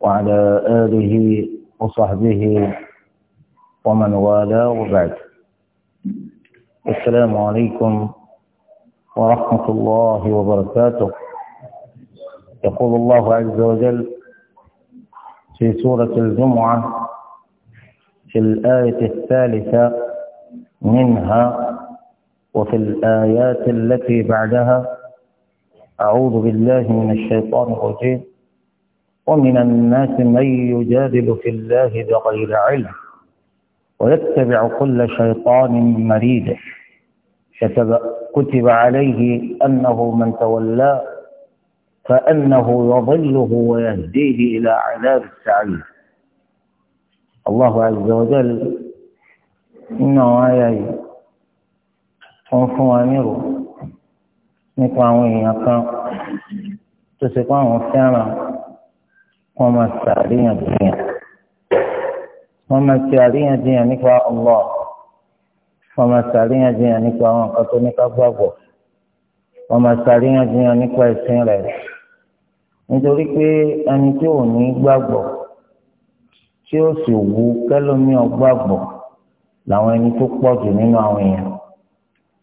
وعلى آله وصحبه ومن والاه وبعد السلام عليكم ورحمة الله وبركاته يقول الله عز وجل في سورة الجمعة في الآية الثالثة منها وفي الآيات التي بعدها أعوذ بالله من الشيطان الرجيم ومن الناس من يجادل في الله بغير علم ويتبع كل شيطان مريد كتب, عليه أنه من تولاه فأنه يضله ويهديه إلى عذاب السعير الله عز وجل إنه آية وفوانير نقوى وإياك تسقى وفيانا wọ́n máa ṣe àríyànjiyàn wọ́n máa ṣe àríyànjiyàn nípa Allah wọ́n máa ṣe àríyànjiyàn nípa àwọn nǹkan tó nípa gbàgbọ́ wọ́n máa ṣe àríyànjiyàn nípa ẹ̀sìn rẹ̀ nítorí pé ẹni tí ò ní gbàgbọ́ tí ó sì wù kẹlómi ọgbàgbọ́ làwọn ẹni tó pọ̀ jù nínú àwọn èèyàn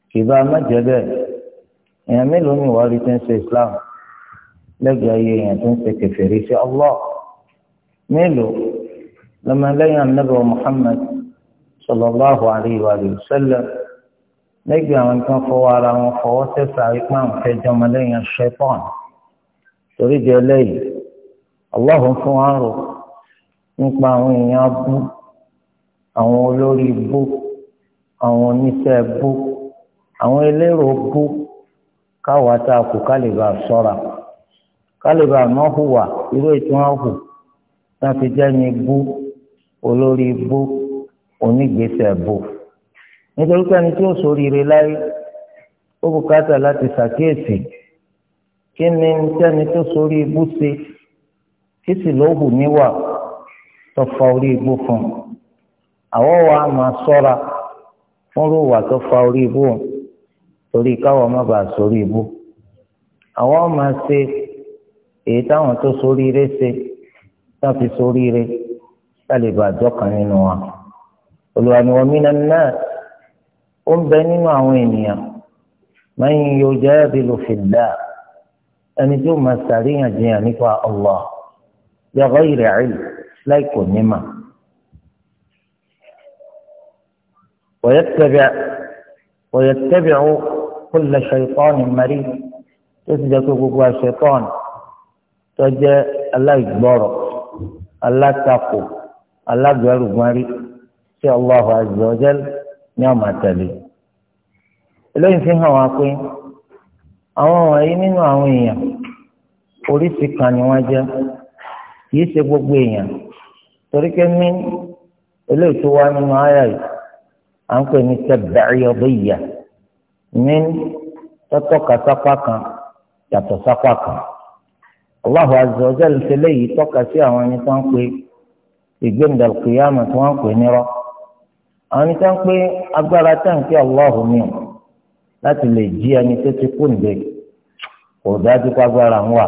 kì bá má jẹ́ bẹ́ẹ̀ èèyàn mélòó ni ìwà rí ti Islam lẹ́gbẹ̀ẹ́ ayé yẹn tó ń ṣe kẹfẹ́rí sí Allah mélòó lọ́mọlẹ́yìn anábọ̀ Muhammad sallallahu alayhi wa sallam lẹ́gbẹ̀ẹ́ àwọn tó ń fọwọ́ ara wọn fọwọ́ sẹ́sà ipá àwọn fẹjọ́ ọmọlẹ́yìn ṣẹ́pọ̀n torí di ẹlẹ́yìí Allah ń fún wa rò nípa àwọn èèyàn bú àwọn olórí bú àwọn oníṣẹ́ bú àwọn elérò bú káwa tá a kù ká lè bá a sọ́ra kálíbà mọ́ hùwà irú ètò wọn hù wọn fi jẹ́ ní bú olórí bú onígbèsè bú nítorí pé ẹni tí ó ṣoríire láyé ó bùkátà láti ṣàkíyèsí kí ni tẹ́ni tó sórí ibú ṣe kí sì ló hù níwà tó fa orí ibú fún un àwọn wa máa ṣọ́ra fún rúwà tó fa orí ibú torí káwọn má bàa sórí ibú àwọn máa ṣe èyí táwọn tó soríire ṣe táwọn fi soríire tálíbà àjọkàn nínú wa olùwàníwọ̀n mìíràn náà ó ń bẹ nínú àwọn ènìyàn man yujadilu fillah ẹni tó máa ṣàríyànjiyàn nípa Allah bi ghayri ilm láì ní mà. ويتبع ويتبع كل شيطان مريض تسجد بقوى شيطان tọ́jẹ́ aláìgbọ́rọ̀ alátakò alágbẹ̀rùgbọ́nrí tí Allahu azza wa jal ní ọmọ àtẹ̀lé. eléyìí fi hàn wá pé àwọn wọ̀nyí nínú àwọn èèyàn oríṣi kan ni wọ́n jẹ́ kìí ṣe gbogbo èèyàn torí pé mí eléyìí tó wá nínú àyà yìí à ń pè ní tẹ̀bẹ̀rẹ̀ ọbẹ̀ ìyà ní tọ́tọ́ sápá kan yàtọ̀ sápá kan. Allahu azza wa jalla ṣe léyìí tọ́ka sí àwọn ẹni tó ń pe ìgbéǹda kìyàmù tí wọ́n ń pè nírọ́ àwọn ẹni tó ń pe agbára táǹkì Allahu mi láti lè jí ẹni tó ti kú ǹdẹ kò dájú pé agbára ń wà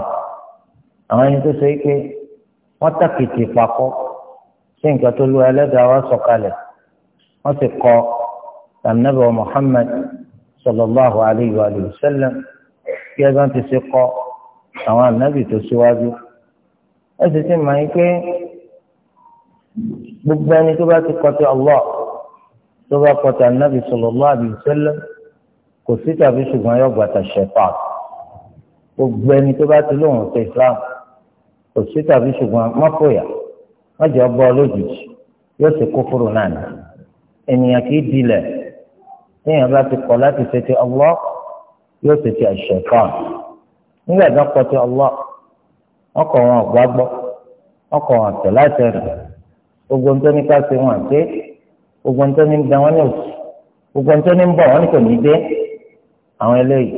àwọn ẹni tó ṣe é pé wọ́n tàkìtì pakọ́ sí nǹkan tó lu ẹlẹ́dàá wa sọ̀kalẹ̀ wọ́n sì kọ́ ànábì Muhammad sallallahu alayhi wa sallam kí ẹ ti ṣe kọ́ àwọn ànábì tó síwájú ẹ sì ti mọ̀ pé gbogbo ẹni tó bá ti kọtí ọlọ́ tó bá kọtí ànábì sallallahu alaihi wasallam kò sí tàbí ṣùgbọ́n yóò gbàtà ṣẹ̀fà gbogbo ẹni tó bá ti lóhùn sí Islam kò sí tàbí ṣùgbọ́n mọ́fòyà wọ́n jẹ́ ọgbọ́ lójijì yóò sì kó fúru náà ní ènìyàn kì í dilẹ̀ téèyàn bá ti kọ̀ láti ṣe ti ọlọ́ yóò sì ti àṣẹ̀fà nígbà tó kọ ti ọlọ ọkọ wọn ọgbà gbọ ọkọ wọn tẹ láti rẹ gbogbo ń tó ní ká ṣe wọn àti gbogbo ń tó ní bẹ wọn ní òsì gbogbo ń tó ní bọ wọn ní kò ní dé àwọn eléyìí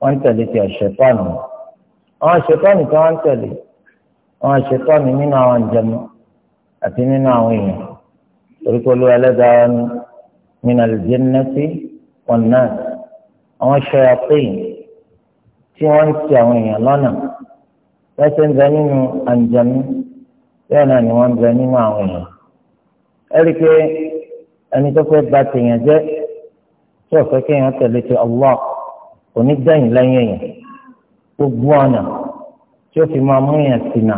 wọn ń tẹ̀lé ti àṣetọ́nù àwọn àṣetọ́nù tí wọ́n ń tẹ̀lé àwọn àṣetọ́nù nínú àwọn ìjẹmọ àti nínú àwọn èèyàn torí pé olúwa ẹlẹ́dàá ni nínú àlùjẹ́ nẹ́tì wọn náà àwọn ṣẹ́yà péyìn tí wọ́n ń ti àwọn èèyàn lọ́nà lẹ́sẹ̀ ń bẹ nínú àǹjẹ̀mí bẹ́ẹ̀ náà ni wọ́n ń bẹ nínú àwọn èèyàn. ẹ̀rí pé ẹni tó fẹ́ bà tèèyàn jẹ́ tí ò fẹ́ kéèyàn tẹ̀lé ti Allah kò ní dẹ́yìn lẹ́yìn èèyàn gbogbo ọ̀nà tí ó fi máa mú èèyàn ṣìnà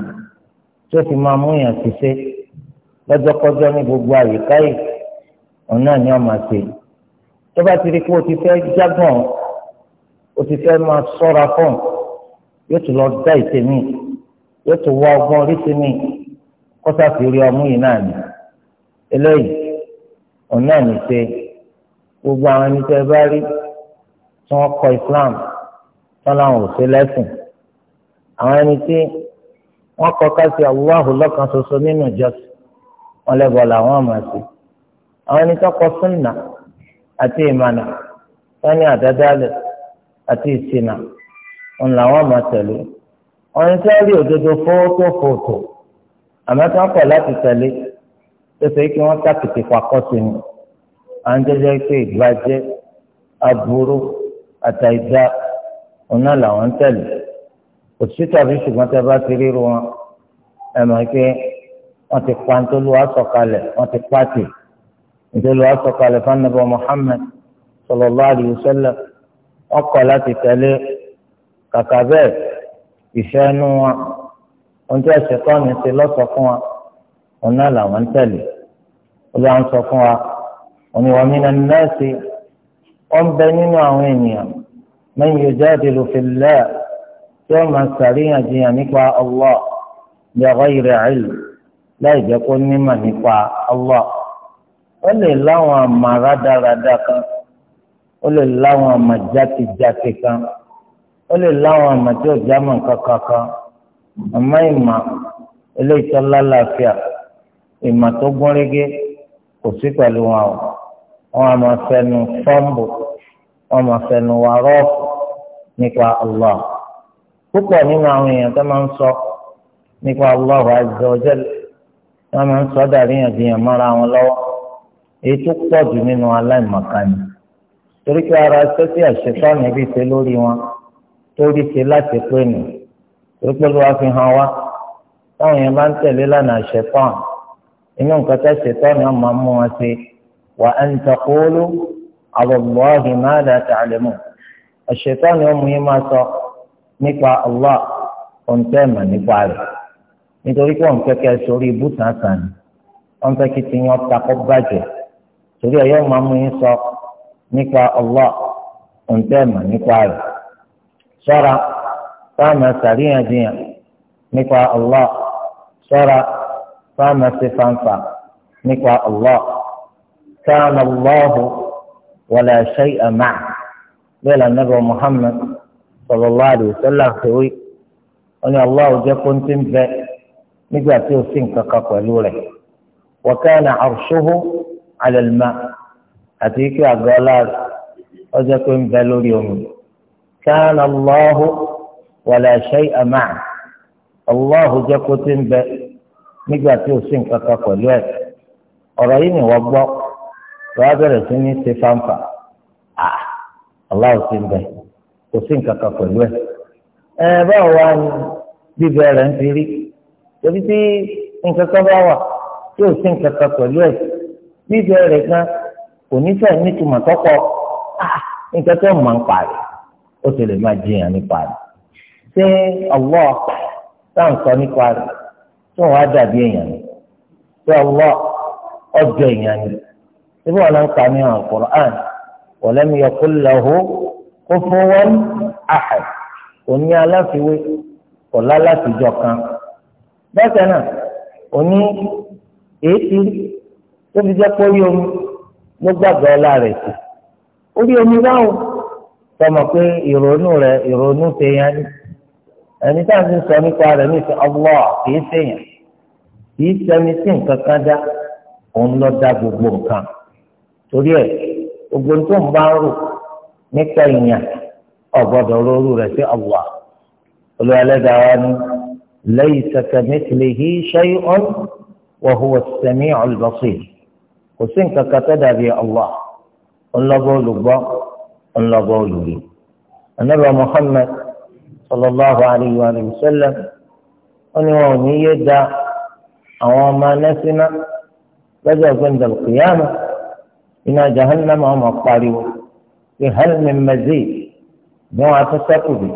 tí ó fi máa mú èèyàn ṣiṣẹ́ lọ́jọ́kọ́jọ́ ní gbogbo àyíká yìí òun náà ni wọ́n máa ṣe tó bá ti rí pé o ti fẹ́ jágbọ̀n o ti fẹ́ máa sọ́ra fún yóò tún lọ dá ìtẹ̀mí yóò tún wá ọgbọ́n orí sí mi kọ́sà fi rí ọmú yìí náà ni eléyìí òun náà ní ṣe gbogbo àwọn ẹni tẹ́ bá rí tí wọ́n kọ Islam tán láwọn ò ṣe lẹ́sìn àwọn ẹni tí wọ́n kọ káṣí Allahu lọ́kan ṣoṣo nínú ìjọsìn wọn lẹ́bọ̀ làwọn àmà sí àwọn ẹni tó kọ súnà àti ìmànà wọn ní àdádálẹ̀ àti ìṣìnà òun làwọn máa tẹ̀lé ọ̀run tí wọ́n rí òdodo fóótó fóótó àmọ́ tí wọ́n kọ̀ láti tẹ̀lé tó ṣe kí wọ́n tàkìtì pakọ́ sí ni à ń jẹ́jẹ́ pé ìbàjẹ́ aburú àtàìdá òun náà làwọn ń tẹ̀lé òṣìṣẹ́ tàbí ṣùgbọ́n tẹ́ bá ti ríru wọn ẹ̀ mọ̀ pé wọ́n ti pa nítorí wàá sọ̀kalẹ̀ wọ́n ti pàtì nítorí wàá sọ̀kalẹ̀ fún anábọ̀ Muhammad sallallahu alaihi wasallam wọ́n kọ̀ láti tẹ̀lé kàkà bẹ́ẹ̀ ìfẹ́ inú wọn ohun tí ẹ̀sẹ̀ tọ́ni ti lọ́sọ̀ fún wa òun náà làwọn ń tẹ̀lé ó bá ń sọ fún wa òun ni wọ́n mí náà nẹ́ẹ̀sì wọ́n bẹ nínú àwọn ènìyàn man yujadilu fillah tí wọ́n máa sàríyànjiyàn nípa Allah bi ghayri ilm láì jẹ́ kó nímọ̀ nípa Allah ó lè láwọn àmà rádaràda kan ó lè láwọn ọmọ jákèjákè kan ó lè láwọn ọmọ tí ọjà mọ kankan kan ọmọ ìmọ̀ eléyìí tó lálàáfíà ìmọ̀ tó gúnrégé kò sí pẹ̀lú wọn o wọn a máa fẹnu fọmbù wọn a máa fẹnu wà rọọfù nípa Allah púpọ̀ nínú àwọn èèyàn tó máa ń sọ nípa Allah azza wa wọn máa ń sọ dàríyànjiyàn mọ́ra wọn lọ́wọ́ èyí tó pọ̀ jù nínú aláìmọ̀kan torí pé ara sẹ́sẹ́ àṣetánù bí ṣe lórí wọn torí ṣe láti pé nù torí pé ló wá fi hàn wá táwọn yẹn bá ń tẹ̀lé lánàá àṣetánù inú nǹkan tẹ́ ṣetánù á máa mú wọn ṣe wà á ń takóóló àlọ́bùwáhì má dà tàlẹ́mù ọmọ yẹn máa sọ nípa Allah ọ̀ǹtẹ́ mà nípa rẹ̀ nítorí pé òun kẹ́kẹ́ sórí ibùsàn kan òun fẹ́ kí ti takọ́ bàjẹ́ torí ẹ̀yọ́ máa nípa Allah òǹtẹ̀mọ̀ nípa rẹ̀ sọ́ra fáàmà sàríyànjiyàn nípa ọlọ sọ́ra fáàmà sífàǹfà nípa Allah sáàmà Allahu wàlà ṣẹ́yà máa bẹ́ẹ̀ la muhammed Muhammad sallallahu alaihi wasallam fèwé wọn ni Allah jẹ́ kó ń ti bẹ nígbà tí o sì ń kankan pẹ̀lú rẹ̀ wọn wa kana arshuhu ala al-ma'. àti ike àgọ́ lára ọjọ́ pé ń bẹ lórí omi káàna Allahu wàlẹ̀ ṣe àmà Allahu jẹ́ kó ti ń bẹ nígbà tí ó sí nǹkan kan pẹ̀lú ẹ̀ ọ̀rọ̀ yìí ni wọ́n gbọ́ lọ́wọ́ bẹ̀rẹ̀ sí ní ṣe ah Allahu ti ń bẹ kò pẹ̀lú ẹ̀ ẹ báwo wá ní bíbẹ ń kò ní fẹ́ nítumọ̀ tọ́kọ ah, nǹkan tó mọ̀ ń parí ó sì lè máa jiyàn nípa rẹ̀ ṣé ọlọ́ táwọn sọ nípa rẹ̀ tí wọ́n á dàbí èèyàn ni ṣé ọlọ́ ọjọ́ èèyàn ni síbí wọn náà ń ka ní Al-Qur'an wa lam yakul lahu kufuwan ahad òní aláfiwé ọ̀la látijọ́ kan bẹ́ẹ̀ náà òní èéfì tó fi jẹ́ pé ó yọ omi ló gbàgbọ́ ọlá rẹ̀ sí orí omi báwo tọmọ pé ìrònú rẹ ìrònú tèèyàn ni ẹni tá à ń ti sọ nípa rẹ ní ìfẹ́ ọlọ kìí sèèyàn kìí sẹni sí nǹkan kan dá òun lọ dá gbogbo nǹkan torí ẹ gbogbo tó ń bá ń rò nípa ìyàn ọgbọdọ rọrù rẹ sí ọlọ olùwàlẹ́dàá wa ni lẹ́yìn sẹ̀kẹ̀ mẹ́tìlẹ́hìn ṣẹ́yìn ọ́n wọ́n hùwà sẹ́mi ọ̀lùbọ́sẹ̀ kò sí nǹkan kan tó dàbí Allah ńlọ́bọ̀ olùgbọ́ ńlọ́bọ̀ olùrí anabi Muhammad sallallahu alayhi wa sallam wọn ni wọn ò ní yé da àwọn ọmọ anẹ́sínà lọ́jọ́ ìgbẹ́ndàlù kìyàmù iná jahannama ọmọ pariwo fi hal min mazid bí wọn ti sẹ́kù bi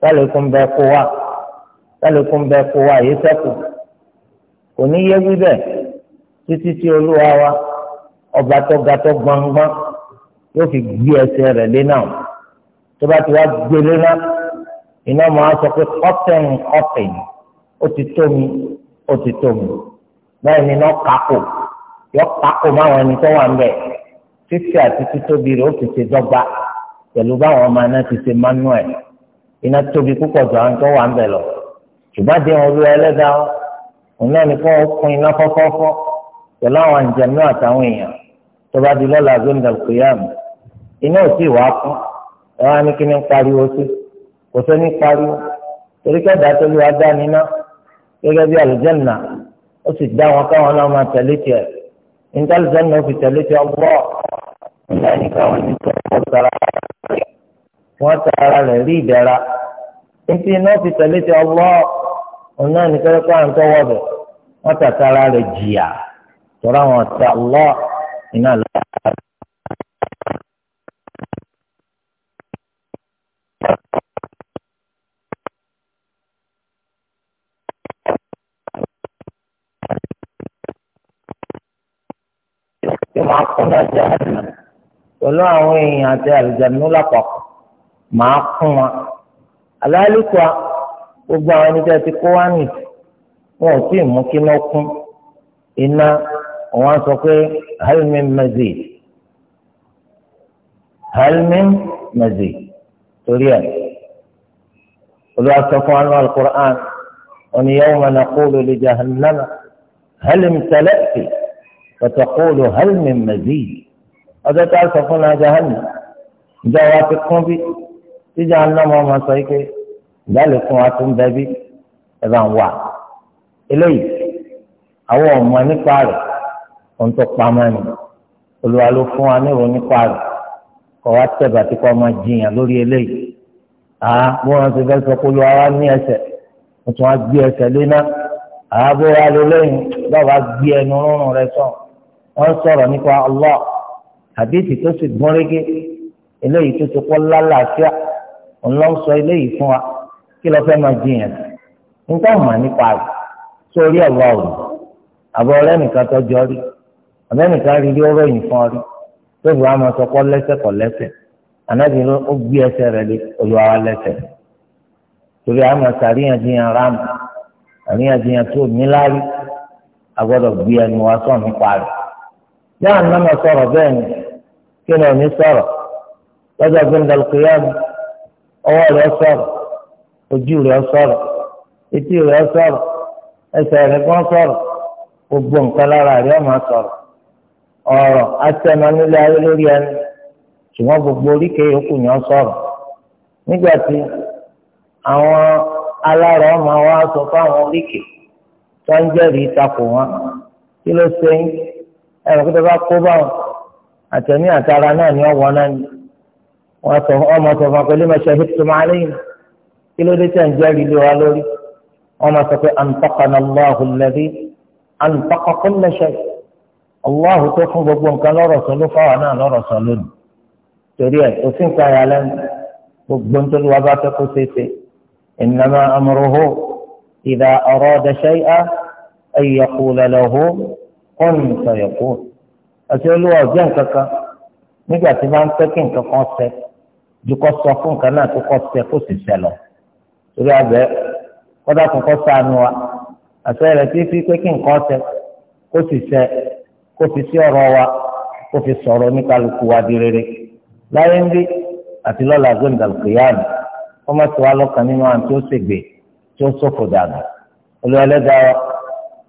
sálẹ̀kùn kó wa sálẹ̀kùn bẹ́ẹ̀ kó wa yé sẹ́kù kò ní yé wí bẹ́ẹ̀ títí tí olúwa wa ọba tó ga tó gbọngbọn yóò fi gbé ẹsẹ̀ rẹ̀ lé náà tó bá ti wá gbélé náà iná máa sọ pé kọ́tẹ̀n kọ́tẹ̀n ó ti tó mi ó ti tó mi báyìí ni iná kakò yọ kakò máwọn ẹni tó wà ń bẹ̀ títí àti títóbi rẹ̀ ó fi ṣe dọ́gba pẹ̀lú báwọn ọmọ iná ti ṣe manuel iná tóbi púpọ̀ jù àwọn tó wà ń bẹ̀ lọ ṣùgbọ́n àdéhùn olúwa ẹlẹ́dàá òun náà ni kó o kún iná fọ́fọ́fọ́ pẹ̀lú àwọn àǹjẹ̀nú àtàwọn èèyàn tó bá di lọ́la gbẹ̀ngàn kìyàmù iná ò sì wá kún ẹ wá ní kí ni pariwo sí kò sẹ́ni pariwo torí kẹ́dà tó lè wá dá níná gẹ́gẹ́ bí àlùjànnà ó sì dá wọn káwọn náà máa tẹ̀lé tiẹ̀ níta àlùjànnà ó fi tẹ̀lé tiẹ̀ ọgbọ́ níta nìkan wọn ní tó wọn tara wọn tara rẹ̀ rí ìdẹ̀ra níta iná fi tẹ̀lé tiẹ̀ ọgbọ́ òun náà nìkan kọ́ àwọn bẹ̀ wọ́n tàtara rẹ̀ jìyà tọ́ra àwọn ọ̀tá Allah iná lọ́wọ́. tí màá kún náà jẹ àná pẹ̀lú àwọn èèyàn àti àlùjáde lápapọ̀ màá kún wa aláàlùkọ gbogbo àwọn ẹni tí a ti kó wá nìyí wọn ò tí ì mú kí náà kún iná wọ́n sọ pé helmin mazid helmin mazid torí ẹ̀ olùwàsọ̀fún anú alukur'an oní yawma naqulu li jahannama helim tẹlẹ́tì fatakulu helmin mazid ọjọ́ tá a sọ fún náà jahannama ìjọ wa ti kún bí tí jahannama ọmọ sọ yìí pé ìdálẹ̀ fún wa tó ń bẹ bí ẹ bá ń wà eléyìí àwọn ọmọ nípa rẹ̀. ohun tó pamọ́ ni olúwa ló fún wa ní ìròyìn nípa rẹ̀ kọ́ wa tẹ̀bà tí kò máa jiyàn lórí eléyìí àá bó wọn ti fẹ́ sọ pé olúwa wa ní ẹsẹ̀ mo tún wá gbé ẹsẹ̀ léná àá bó wa lè lẹ́yìn lọ́wọ́ gbé ẹnu rúnrún rẹ sọ wọ́n sọ̀rọ̀ nípa Allah àdéhìí tó sì gún régé eléyìí tó ti kọ́ lálàáfíà òun ló ń sọ eléyìí fún wa kí lọ́ọ́ fẹ́ máa jiyàn nígbà wọn nípa rẹ̀ sórí ẹ̀rọ àbọ̀ ọ̀rẹ́ tó jọ rí àbẹ́nìkan rí rí ọ̀rọ̀ yìí fún ọ rí tóbi wàá máa sọkọ́ lẹ́sẹ̀ kọ̀ lẹ́sẹ̀ ànábì ló ó gbé ẹsẹ̀ rẹ̀ lé olúwa wa lẹ́sẹ̀ torí àwọn àti àríyànjiyàn ram àríyànjiyàn tó níláárí agbọ́dọ̀ gbé ẹnu wa sọ̀ nípa rẹ̀ yáà ní ọmọ sọ̀rọ̀ bẹ́ẹ̀ ni kí ni òní sọ̀rọ̀ lọ́jọ́ gbẹ̀ndàlùkìyàmù ọwọ́ rẹ̀ sọ̀rọ̀ ojú rẹ̀ sọ̀rọ̀ etí rẹ̀ sọ̀rọ̀ ẹsẹ̀ rẹ̀ gan sọ̀rọ̀ gbogbo nǹkan lára rẹ̀ ọmọ sọ̀rọ̀ ọ̀rọ̀ atẹnu nílé ayé lórí ẹni ṣùgbọ́n gbogbo oríkèé yòókù yẹn sọ̀rọ̀ nígbà tí àwọn alárò ọmọ wa sọ fáwọn oríkèé tó ń jẹ́rìí takò wọn kí ló ṣe ń ẹ̀rọ kí tó bá kó báwọn àtẹ̀mí àtara náà ni ọ̀wọ́ náà ni wọ́n sọ ọmọ sọ fún akọ́lé mẹ́sàn án tó máa léyìn kí ló dé tẹ̀ ń jẹ́rìí lé wa lórí wọ́n máa sọ pé àǹtọ́kànnà lọ́hùn lẹ́bí àǹtọ́kàkùn mẹ́sàn án. Allah tó fún gbogbo nǹkan lọ́rọ̀ sọ ló fáwọn náà lọ́rọ̀ sọ lónìí torí ẹ̀ kò sí nǹkan ayà lẹ́nu gbogbo nítorí wàá bá fẹ́ kó ṣeéṣe innama amruhu idha arada shay'an an yaqula lahu kun fayakun àti olúwa ọ̀jẹ́ nǹkan kan nígbà tí bá ń fẹ́ kí nǹkan kan ṣẹ ju sọ fún nǹkan náà tó kọ́ ṣẹ kó sì ṣẹ lọ torí abẹ́ kọ́dà kan sànù wa àti ẹ̀rẹ̀ tí fi pé kí nǹkan ṣẹ kó sì ṣẹ kó fi sí ọ̀rọ̀ wa kó fi sọ̀rọ̀ ní kálukú wa di rere láyé ń bí àti lọ́la gbẹ̀ndàlùkìyàmù ọmọ tí wàá lọ́kàn nínú àwọn tí ó ṣègbè tí ó ṣòfò dànù olùwà ẹlẹ́dàá wa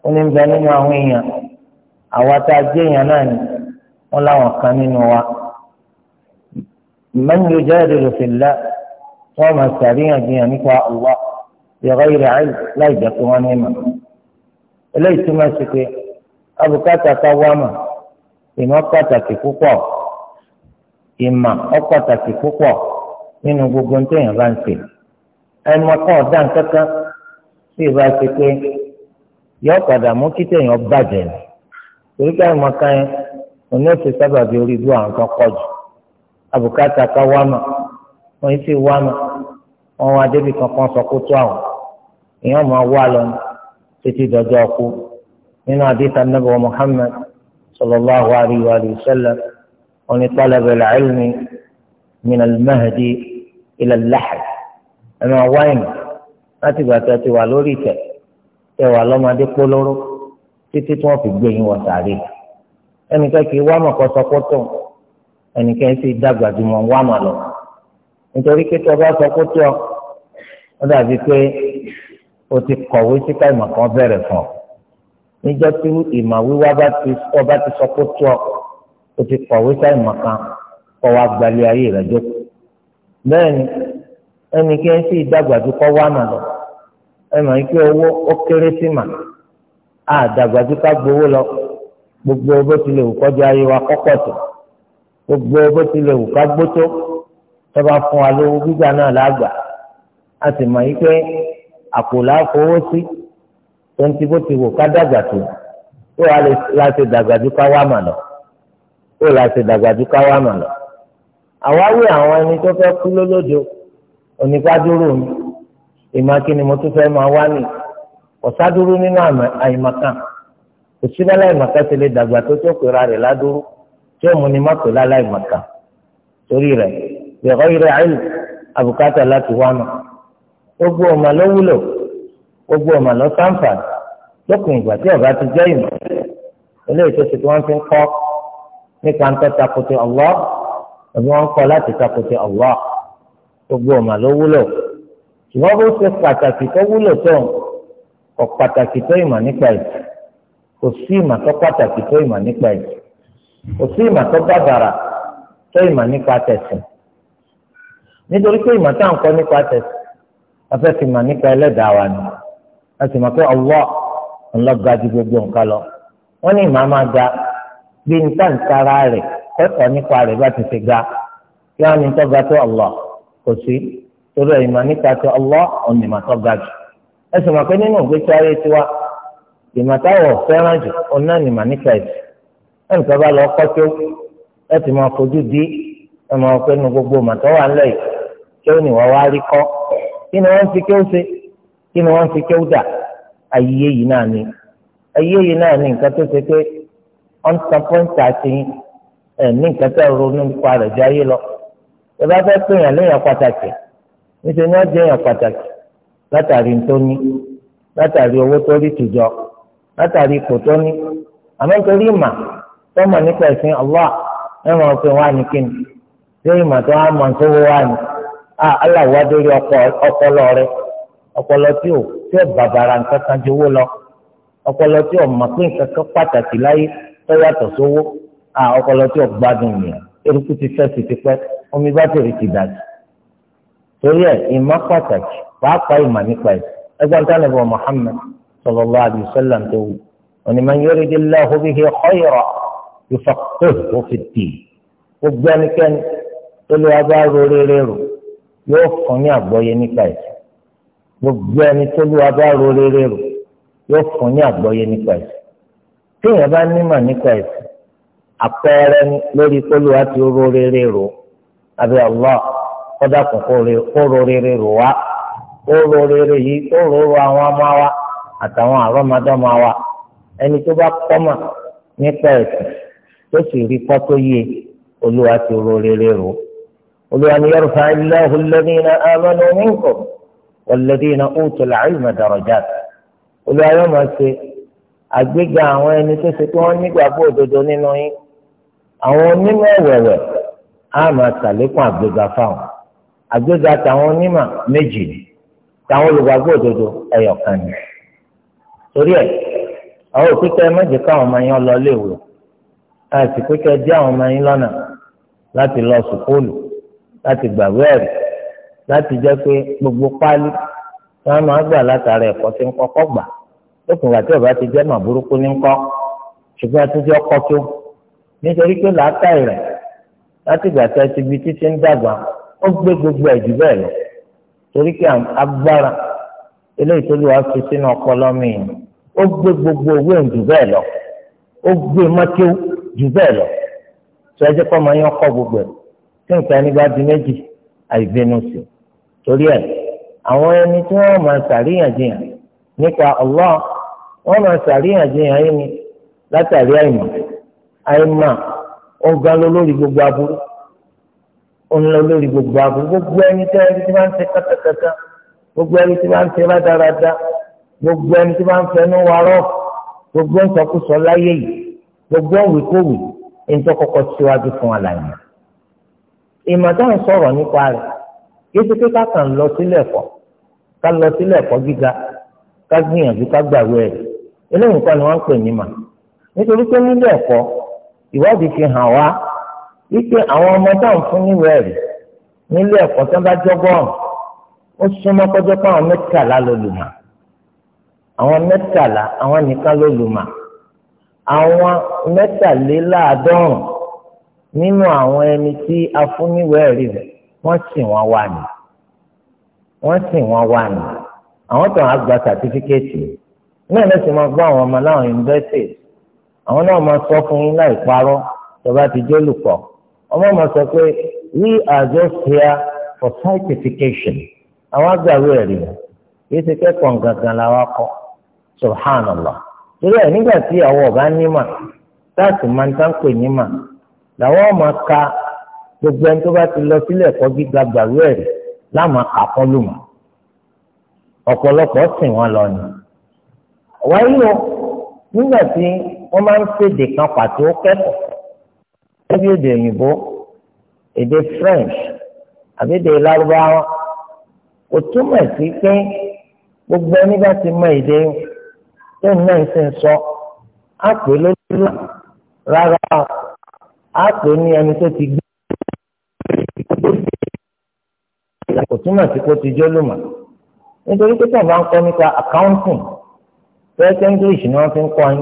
ó ní bẹ nínú àwọn èèyàn àwa tá a jẹ́ èèyàn náà ni wọ́n láwọn kan nínú wa man yujadilu fillah wọ́n máa ṣàríyànjiyàn nípa Allah bi ghayri ilm láì jẹ́ pé wọ́n ní ìmọ̀ eléyìí túmọ̀ sí pé abùkátà ká wá mà ìmọ̀ pàtàkì púpọ̀ ìmọ̀ ọ̀ pàtàkì púpọ̀ nínú gbogbo ní tẹ̀yìn bá ń ṣe ẹnu ọkọ̀ ọ̀dà kankan tí ìbá ṣe pé yọ padà mú kí tẹ̀yìn bàjẹ́ ni torí ká ìmọ̀ kan yẹn òní ò ti sábà bí orí ibú àwọn kan pọ̀ jù abùkátà ká wá wọ́n sì wá wọ́n wá débi kankan sọ kó tó àwọn èèyàn máa wá lọ títí dọjọ́ ọkú nínú àdìsá nàbọ̀ Muhammad sallallahu alayhi wa sallam oní talaba al-ilmi min al-mahdi ila al-lahd ẹ máa wáyìn láti gbà tẹ ti wà lórí ìtẹ tẹ wà lọ́mọdé polówó títí tí wọ́n fi gbé yín wọ sàárè ẹnìkan kì í wá mọ̀ kọ́sọ́kọ́tọ̀ ẹnìkan sì dàgbà ju mọ̀ wá mọ̀ lọ nítorí pé tí ọba sọ́kọ́tọ̀ ó dàbí pé o ti kọ̀wé síkà ìmọ̀ kan bẹ̀rẹ̀ fún ọ níjọ́ tí ìmọ̀ wíwá bá ti sọ bá ti sọ kó tó ọ o ti kọ̀wé sáì mọ̀kan kọ́ wa gbalẹ̀ ayé rẹ̀ jókòó. bẹ́ẹ̀ ni ẹnì kí n sì dàgbàdo kọ́ wá mà lọ ẹ mọ̀ ike owó ó kéré sí mà á dàgbàdo ká gbowó lọ gbogbo bó tilẹ̀ wù kọjá ayé wa kọ́kọ́ tó gbogbo bó tilẹ̀ wù ká gbó tó tọ́ba fún wa lówó gbígbà náà lágbà á sì mọ̀ ike àpò làá fowó sí. Si tó ń ti bó ti wò ká dàgbà tó tó la ṣe dàgbà ju ká wà mà lọ tó la ṣe dàgbà ju ká wà mà lọ. àwáwí àwọn ẹni tó fẹ́ kú lólódo onígbàdúró mi ìmọ̀ ni mo tún fẹ́ máa wá nì ọ̀sádúró nínú àìmọ̀kan òsínà láìmọ̀kan ti lè dàgbà tó tó pera rẹ̀ ládúró tí ó mú ni má pè láláìmọ̀kan torí rẹ̀ bẹ̀rọ ìrẹ̀ àìlù àbùkátà láti wá mà gbogbo ọ̀mà ló wúlò gbogbo ọmọ lọ sáǹfà lókun ìgbà tí ọba ti jẹ́ ìmọ̀ eléyìí tó ṣe kí wọ́n fi ń kọ́ nípa ń tọ́ takote Allah ẹ̀mí wọn ń láti takote Allah gbogbo ọmọ ló wúlò ṣùgbọ́n bó ṣe pàtàkì tó wúlò tó kò pàtàkì tó ìmọ̀ nípa ẹ̀ kò sí ìmọ̀ tó pàtàkì tó ìmọ̀ nípa ẹ̀ kò sí ìmọ̀ tó bàbàrà tó ìmọ̀ nípa tẹ̀sìn nítorí pé ìmọ̀ táwọn kọ́ nípa tẹ̀sìn afẹ́ nípa ẹlẹ́dàá wa ni a sì mọ̀ pé gaji ńlọ ga ju gbogbo nǹkan lọ wọ́n ní ìmọ̀ máa ga bí n tá n tara rẹ̀ kẹ́kọ̀ọ́ nípa rẹ̀ bá ti ṣe ga kí wọ́n ní tó ga tó ọlọ́ kò sí torí ẹ̀ ìmọ̀ nípa tó ọlọ́ òní ìmọ̀ tó ga jù ẹ sì mọ̀ pé nínú ayé tiwa ìmọ̀ táwọn fẹ́ràn jù òun náà ní ìmọ̀ nípa ẹ̀sìn ẹnìkan bá lọ kọ́ tó ẹ ti fojú di ẹ máa nu gbogbo màtọ́wà ńlẹ̀ yìí kí ní wọ́n wá rí kọ́ kí ni wọ́n fi kí ó ṣe kí ni wọ́n fi kéwú dà ayé yìí náà ni ayé yìí náà ni nǹkan tó ṣe pé ọ̀n tan pọ́ńtà ẹ̀ ní nǹkan lọ fẹ́ ni wọ́n jẹ́ èèyàn pàtàkì látàrí tó ní látàrí owó tó rí látàrí ipò tó ní àmọ́ nítorí ìmà tó mọ̀ nípa ẹ̀sìn ẹ̀ mọ̀ pé wọ́n á ní kíni ṣé ìmà ọpọlọ tí ò tí ò bàbàrà nǹkan kan jowó lọ ọpọlọ tí ò mọ̀ pé nǹkan kan pàtàkì láyé tó yàtọ̀ sówó à ọpọlọ tí ò gbádùn nìyẹn eruku ti fẹ́ sí tipẹ́ omi bátìrì ti dàjù torí ẹ̀ ìmọ̀ pàtàkì pàápàá ìmọ̀ nípa ẹ̀ ẹgbẹ́ ntánà bọ̀ Muhammad sallallahu alaihi wasallam tó wù òní man yuridillahu bihi khayra yufaqqihhu fid-din gbogbo ẹnikẹ́ni tó lè wá gbogbo ẹni tó lù wá bá ro rere rò yóò fún ní àgbọ́yé nípa ẹ̀sìn téèyàn bá nímọ̀ nípa ẹ̀sìn àpẹẹrẹ lórí tó lù wá ti ro rere rò abẹ́ ọlọ́ kọ́dà kò kó ro rere rò wá ó ro rere yìí ó ro ro àwọn ọmọ wa àtàwọn àrọ́mọdọ́mọ wa ẹni tó bá kọ́mọ̀ nípa ẹ̀sìn tó sì rí pọ́tó yé olúwa ti ro rere rò olúwa ni yarfa illahu alladhina amanu minkum walladhina utul ilma darajat olùwà yóò máa ṣe àgbéga àwọn ẹni tó ṣe pé wọ́n nígbàgbọ́ òdodo nínú yín àwọn onímọ̀ ẹ̀wẹ̀wẹ̀ á máa ṣàlékún àgbéga fáwọn àgbéga tàwọn onímọ̀ méjì ni tàwọn olùgbàgbọ́ òdodo ẹ̀yọ̀kan ni torí ẹ̀ àwọn òpìtẹ́ méje káwọn ọmọ yẹn lọ léèwé àti pé kẹ́ dí àwọn ọmọ yẹn lọ́nà láti lọ sùkúlù láti gbàgbé ẹ̀rí láti jẹ́ pé gbogbo páálí tí wọ́n máa gbà látara ẹ̀kọ́ tí ń kọ́kọ́ gbà lókun àti ọ̀bá ti jẹ́ màbúrúkú ní kọ́ ṣùgbọ́n tó ti ọkọ́ tó nítorí pé làákàyè rẹ̀ láti gbà tẹ́ ti bi títí ń dàgbà ó gbé gbogbo ẹ̀ jù bẹ́ẹ̀ lọ torí pé agbára eléyìí tó lè wá fi sínú ọpọlọ mi ó gbé gbogbo owó ẹ̀ jù bẹ́ẹ̀ lọ ó gbé mọ́tò jù bẹ́ẹ̀ lọ tó ẹ kọ́ ọmọ yẹn kọ́ gbogbo ẹ̀ tí nǹkan ẹni bá di méjì àìbínú sí i torí ẹ̀ àwọn ẹni tí wọ́n máa ṣàríyànjiyàn nípa Allah wọ́n máa ṣàríyànjiyàn yín ni látàrí àìmọ̀ àìmọ̀ ó ga lórí gbogbo aburú ó ń lọ lórí gbogbo aburú gbogbo ẹni tí wọ́n ti máa ń ṣe kátàkátà gbogbo ẹni tí wọ́n ti máa ń ṣe rádaràda gbogbo ẹni tí wọ́n fẹnu wa gbogbo ńsọkúsọ láyé yìí gbogbo òwìkówì ń síwájú fún àlàyé ìmọ̀ táwọn sọ̀rọ̀ nípa rẹ̀ kí ṣe pé ká kàn lọ sílé ẹ̀kọ́ ká lọ sílé ẹ̀kọ́ gíga ká gbìyànjú ká gbàwé ẹ̀ eléyìí kan ni wọ́n ń pè ní mà nítorí pé nílé ẹ̀kọ́ ìwádìí fi hàn wá wípé àwọn ọmọ tá à ń fún níwèé ẹ̀rí nílé ẹ̀kọ́ tó bá jọ́gọ́rùn ó súnmọ́ kọjọ́ pé àwọn mẹ́tàlá ló lù mà àwọn mẹ́tàlá àwọn nìkan ló lù mà àwọn mẹ́tàléláàádọ́rùn nínú àwọn ẹni tí a fún níwèé ẹ̀rí rẹ̀ wọ́n sì wọ́n wà ní wọ́n sì wọ́n wà ní àwọn tó ń gba sàtífíkẹ́tì náà ló sì máa gbọ́ àwọn ọmọ láwọn yunifásitì àwọn náà máa sọ fún yín láì parọ́ tó bá ti jólùkọ́ ọmọ máa sọ pé we are just here for certification àwọn agbàwé ẹ̀rí yìí ti kẹ́kọ̀ọ́ gangan làwọn kọ́ subhanallah torí ẹ̀ nígbà tí àwọn ọ̀gá nímà táàsì máa ń tán pè nímà làwọn máa ka gbogbo ẹni tó bá ti lọ sílé ẹ̀kọ́ gíga gbàgbé ẹ̀rí láwọn àkọlùmọ̀ ọ̀pọ̀lọpọ̀ sìn wọn lọ ni. wáyé o nígbà tí wọ́n máa ń ṣèdè kan pàtó kẹ́kọ̀ọ́ ẹbí èdè òyìnbó èdè French àbí èdè lárúbáwá kò túmọ̀ sí pé gbogbo ẹni bá ti mọ èdè tó náà sì ń sọ á pè lórí rárá á pè ní ẹni tó ti gbé. kò túmọ̀ sí kó ti jólùmọ̀ nítorí pé tẹ̀ bá ń kọ́ nípa accounting fẹ́ẹ́sì english ni wọ́n fi ń kọ́ yín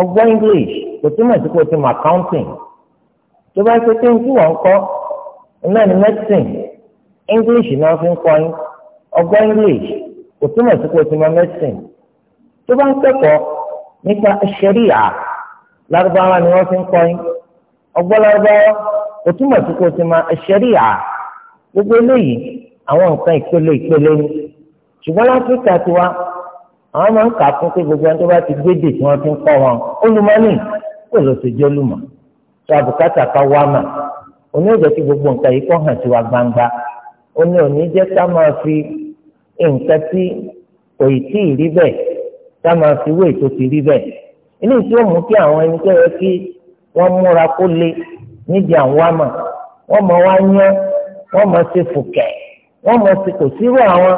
ọgbọ́n english kò túmọ̀ sí kó ti mọ̀ accounting tó bá ṣe pé kí wọ́n kọ́ iná ni medicine english ni wọ́n fi ń kọ́ yín ọgbọ́n english kò túmọ̀ sí kó ti mọ̀ medicine tó bá ń kẹ́kọ̀ọ́ nípa ṣẹ́ríà lárúbáwá ni wọ́n fi ń kọ́ yín ọgbọ́n lárúbáwá kò túmọ̀ sí kó ti mọ̀ ṣẹ́ríà gbogbo eléyìí àwọn nǹkan ìpele ìpele ni ṣùgbọ́n láfíríkà ti wá àwọn máa ń kà fún pé gbogbo ẹni tó bá ti gbédè tí wọ́n ti ń kọ́ wọn olùmọ́nì kò lọ sí jọ́lùmọ̀ tó àbùkátà ká wá mà oní ìjọ tí gbogbo nǹkan yìí kọ́ hàn sí wa gbangba oní òní jẹ́ ká máa fi nǹkan tí kò ì tí ì rí bẹ́ẹ̀ ká máa fi wé ètò ti rí bẹ́ẹ̀ inú tí mú kí àwọn ẹni tó yẹ kí wọ́n múra kó le nídìí àwọn wá mà wọ́n mọ wá yán wọ́n mọ̀ sí fùkẹ́ wọ́n mọ̀ sí kò sírò àwọn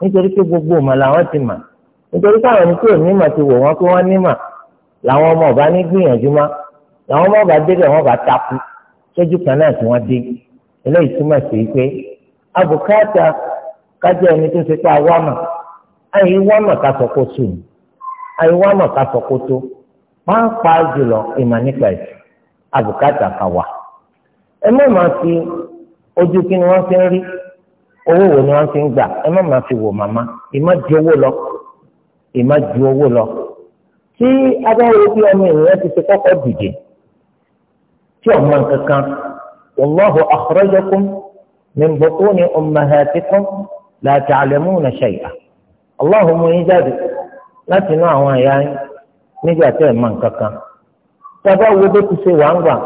nítorí pé gbogbo ìmọ̀ làwọn ti mà nítorí káwọn ní kí òní mà ti wò wọ́n pé wọ́n ní mà làwọn ọmọ ọba ní gbìyànjú má làwọn ọmọ ọba débẹ̀ wọ́n bá takú sójú kan náà tí wọ́n dé eléyìí túmọ̀ sí pé abùkátà kájọ ẹni tó ṣe pé àwa mà àyè ká sọ kó tù àyè wá mà ká sọ kó tó jùlọ ìmọ̀ nípa ẹ̀sìn abùkátà kà wà ẹ má máa fi ojú kí ni fi ń rí owó wo ni wọn fi ń gbà ẹ fi wò màmá ìmá ju owó lọ ìmá ju owó lọ tí adáwọ̀ bí ọmọ ènìyàn ti ṣe kọ́kọ́ dìde tí ọmọ kankan Allahu mú yín jáde láti inú àwọn àyà yín nígbà tí ẹ̀ máa kankan tí adáwọ̀ bó ti ṣe wà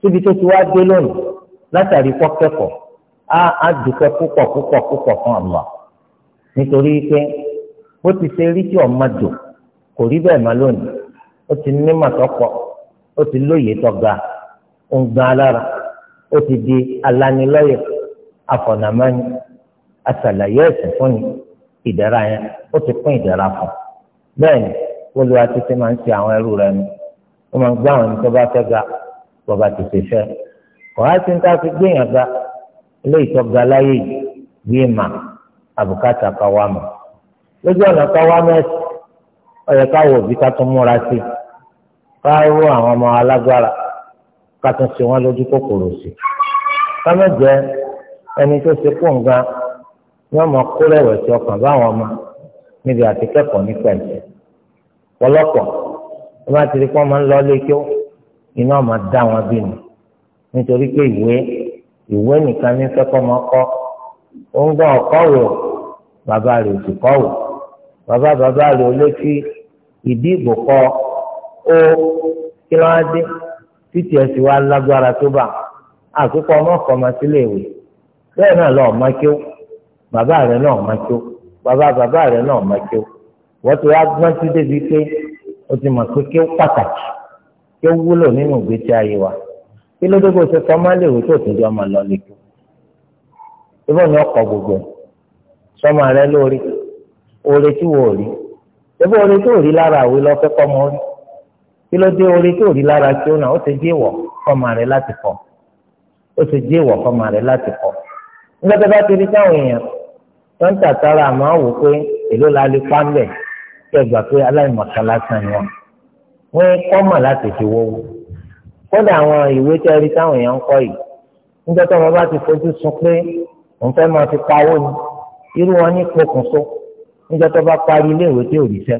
síbi tó ti látàrí kọ́kẹ́kọ̀ọ́ á á dùkẹ́ púpọ̀ púpọ̀ púpọ̀ fún Allah nítorí pé bó ti ṣe rí tí ọmọ jò kò rí bẹ́ẹ̀ má lónìí ó ti ní màtọ́pọ̀ ó ti lóye tọ́ga ó ń gan alára ó ti di alánilọ́yẹ̀ afọ̀nàmọ́ni àṣàlàyé ẹ̀sìn fún ni ìdẹ̀ra yẹn ó ti pín ìdẹ̀ra fún bẹ́ẹ̀ ni Olúwa ti ti máa ń ṣe àwọn ẹrú rẹ̀ ni ó máa ń gbá àwọn ẹni tó bá fẹ́ ga bọ́ba ti ṣe wàá ti ń ká fi gbìyàn ga ilé ìtọ́ga láyé yìí bíi mà àbùkátà káwá mọ̀ lójú ọ̀nà káwá mẹ́sì ọ̀yẹ káwọ̀ òbí ká tún múra sí i ká rú àwọn ọmọ alágbára ká tún ṣe wọ́n lójú kòkòrò sí i ká mẹ́jẹ ẹni tó ṣe kó nga ní ọmọ kó rẹ̀wẹ̀sì ọkàn báwọn ọmọ níbi àti kẹ́kọ̀ọ́ nípa ẹ̀sẹ̀ pọ̀lọpọ̀ wọ́n bá ti máa ń lọ ilé kí iná máa dá wọn bí ni nítorí pé ìwé ìwé nìkan ní sẹ́kọ̀ọ́mọ kọ́ ó ń gbọ́ ọ̀kọ́wò bàbá rẹ̀ sì kọ́wò bàbá bàbá rẹ̀ ó létí ìdí ìbò kọ́ ó kí ló á dé títí ẹ̀ sì wá lágbára tó bà àkókò ọmọ kọ́mọ sílé ìwé bẹ́ẹ̀ náà lọ́ọ́ máa kí ó bàbá rẹ̀ náà máa kí ó bàbá bàbá rẹ̀ náà máa kí ó wọ́n ti wá gbọ́n sí débi pé ó ti mọ̀ pé kí ó pàtàkì kí ó wúlò nínú ìgbésí ayé wa kí ló dé kó ṣe sọ máa léwu tó tún jọ máa lọ lẹ́kọ̀ọ́ ibò ní ọkọ̀ gbogbo sọmọ rẹ lórí oore tí wò rí ibò oore tó rí lára àwé lọ́fẹ́ kọ́ mọ́ rí kí ló dé oore tó rí lára tí ó nà ó ti dé wọ̀ fọmọ rẹ láti kọ́ ó ti dé wọ̀ fọmọ rẹ láti kọ́ nígbà tó bá ti rí táwọn èèyàn tó ń tàtàrà àmọ́ wò pé èló la lè pa ńlẹ̀ kí ẹ gbà pé aláìmọ̀ká lásán ni wọn wọ́n kọ́ mọ̀ láti fi wọ́wọ́ kódà àwọn ìwé tẹ́ rí táwọn èèyàn ń kọ́ yìí níjọ́ tó wọn bá ti fojú sun pé òun fẹ́ máa fi pawó ni irú wọn ní pokùnso níjọ́ tó bá parí iléèwé tí ò rí sẹ́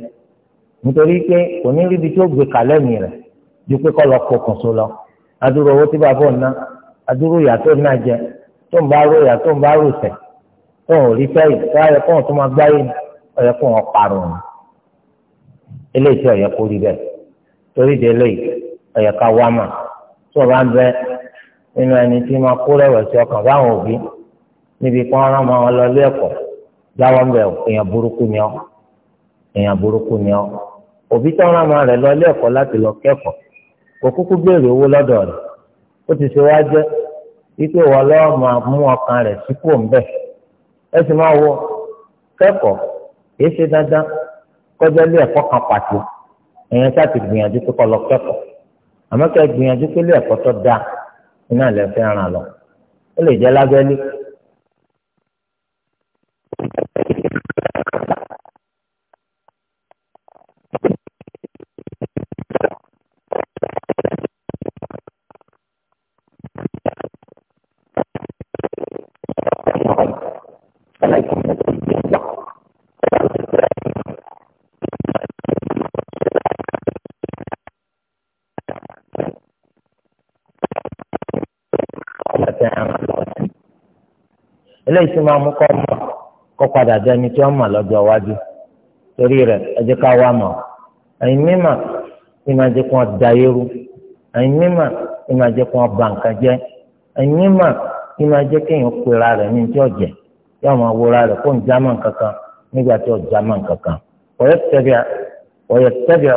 nítorí pé kò ní ríbi tí ó gbé kalẹ̀ mi rẹ̀ ju pé kọ́ lọ pokùnso lọ adúrò owó tí bàbá òun ná adúrò ìyà tó ń ná jẹ tó ń bá rò ìyà tó ń bá rò sẹ̀ tó ń rí sẹ́yìn tó ayẹ kóhùn tó máa gbáyé ọ̀yẹ kóhùn ọ̀parun eléyìí tí ọ̀yẹ kó rí bẹ́ẹ̀ torí de eléyìí ẹ̀yẹ ká wá mà tí o bá ń bẹ nínú ẹni tí máa kó rẹ̀wẹ̀sì ọkàn báwọn òbí níbi kí rán ọmọ wọn lọ ilé ẹ̀kọ́ jáwọ́ ń bẹ̀ èèyàn burúkú ni ọ́ èèyàn burúkú ni ọ́ òbí tó rán ọmọ rẹ̀ lọ ilé ẹ̀kọ́ láti lọ kẹ́kọ̀ọ́ kò kúkú béèrè owó lọ́dọ̀ rẹ̀ ó ti ṣe wá jẹ́ wípé wọ́n lọ́ọ́ máa mú ọkàn rẹ̀ sípò ń bẹ̀ ẹ sì máa wọ kẹ́kọ̀ọ́ kì í ṣe dandan kọjá ilé ẹ̀kọ́ kan pàtó èèyàn ṣáà ti gbìyànjú pé kọ́ lọ kẹ́kọ̀ọ́ àmọ́ ká gbìyànjú pé ilé ẹ̀kọ́ tó dáa iná lẹ fẹ́ ràn lọ ó lè jẹ́ lábẹ́lé eléyìí sì máa mú kọ́ mọ̀ kọ́ padà dẹni tí wọ́n mọ̀ lọ́jọ́ iwájú torí rẹ̀ ẹ jẹ́ ká wá mọ̀ àìnímọ̀ ni máa jẹ́ kí wọ́n da eérú àìnímọ̀ ni máa jẹ́ kí wọ́n ba nǹkan jẹ́ àìnímọ̀ ni máa jẹ́ kí èèyàn pera rẹ̀ ní tí ọ̀jẹ̀ yóò máa wọra rẹ̀ kó ń já mọ̀ kankan nígbà tí ọ̀já mọ̀ kankan ọ̀yẹ̀tẹ̀bẹ̀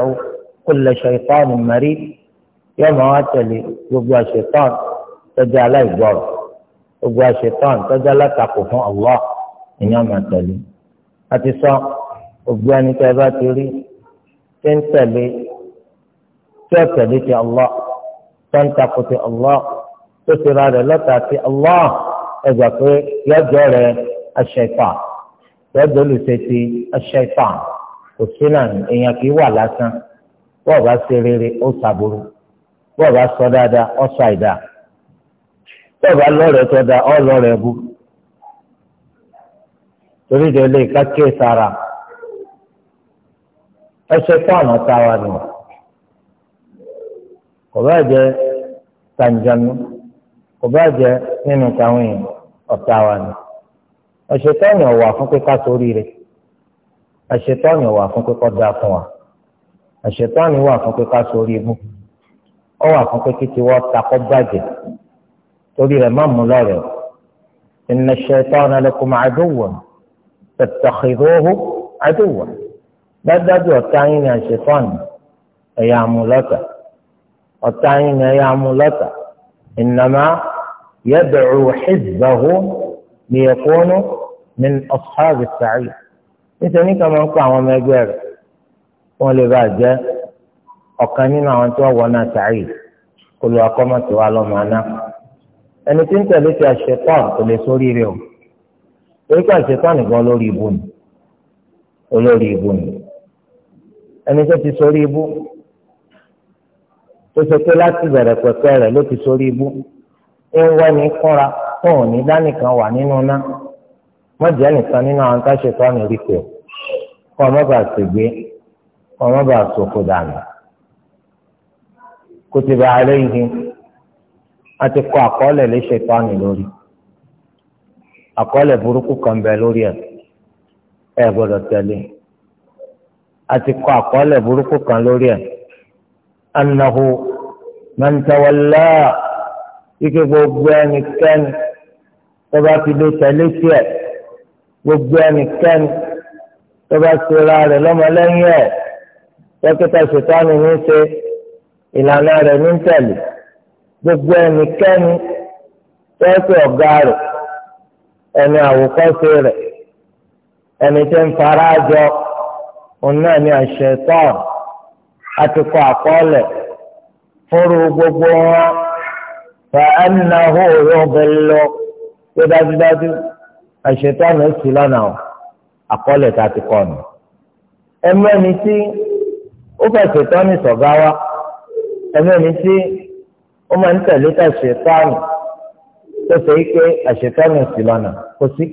kúlẹ̀ ṣèpáànù mẹ́rí gbogbo àṣetán tọ́jú alátakò fún Allah ìyẹn ọmọ àtẹ̀lé àti sọ gbogbo ẹni tẹ́ ẹ bá ti rí ṣé ń tẹ̀lé tí ó tẹ̀lé ti Allah tó ń takò ti Allah tó ti ra rẹ̀ lọ́tà ti Allah ẹ pé yọjọ́ rẹ̀ àṣetán yọjọ́ olùṣe ti àṣetán kò sí náà èèyàn kì í wà lásán bọ́ọ̀ bá ṣe rere ó ṣàbùrù bọ́ọ̀ bá sọ dáadáa ó ṣàìdáa tọ́ọ̀bà lọ́rẹ̀ tó da ọ́ lọ́rẹ̀ bú torí de lè kákè sára ẹsẹ̀ táwọn táwa nù kò bá jẹ tàǹjànú kò bá jẹ nínú táwọn yìí ọ̀táwa nù ẹsẹ̀ táwọn wà fún kíkà sórí rẹ̀ ẹsẹ̀ táwọn wà fún kíkọ́ da fún wa ẹsẹ̀ táwọn wà fún kíkà sórí ibú ọ fún kíkì tí wọ́n takọ́ bàjẹ́ torí rẹ̀ má mú lọ́rẹ̀ inna shaytana lakum aduwwan tattakhidhuhu aduwwan dájúdájú ọ̀tá yín ni àṣetán ẹ̀yà amúlọ́tà ọ̀tá yín ni ẹ̀yà amúlọ́tà innama yad'u hizbahu liyakunu min ashabi as-sa'ir nítorí kan máa ń kó àwọn ọmọ ẹgbẹ́ rẹ̀ wọ́n lè bá jẹ́ ọ̀kan nínú àwọn tí wọ́n wọ náà sàárì kó lè akọ́mọ̀tò wa lọ́mọ náà ẹni tí ń tẹ̀lé ti àṣetán kò lè sórí rẹ o torí pé àṣetán nìkan olórí ibu ni olórí ibu ni ẹni tó ti sórí ibu tó ṣe pé láti bẹ̀rẹ̀ pẹ̀pẹ̀ rẹ̀ ló ti sórí ibu ń wá ní kúnra fún òní dánìkan wà nínú ná mọ̀jẹ́ nìkan nínú àwọn táṣetán rí pé kọ́ ọ ṣègbè kọ́ ọ má bàa ṣòfò dànù kutiba alayhim a ti kọ àkọọ́lẹ̀ lé ṣètọ́nì lórí àkọọ́lẹ̀ burúkú kan bẹ lórí ẹ̀ ẹ gbọ́dọ̀ tẹ̀lé a ti kọ àkọọ́lẹ̀ burúkú kan lórí ẹ̀ anahu mẹ́ntẹ́wọ́lá ike gbogbo ẹnikẹ́ni tó bá ti lè tẹ̀lé sí gbogbo ẹnikẹ́ni tó bá ti ra rẹ̀ lọ́mọlẹ́yìn ẹ̀ dókítà ṣètọ́nì ní ṣe ìlànà rẹ̀ ní tẹ̀lé. gbogbo ẹnikẹ́ni tẹ́sí ọ̀gá rẹ̀ ẹni àwòkọ́sí rẹ̀ ẹni tí ń fara jọ òun náà ni àṣetán àtikọ̀ àkọọ́lẹ̀ fúnru gbogbo wọn fa ẹnìnàhó òyìnbó ọhụrụ tó dájúdájú àṣetán ló sì lọ́nà àkọọ́lẹ̀ tá a ti kọ́ nù. ẹmú ẹni tí ó fẹsẹ̀ tán sọ̀gá wa ẹmú tí. ó máa ń tẹ̀lé tàṣẹ táàmù tó ṣe é pé àṣetánù sì lọ́nà kó sí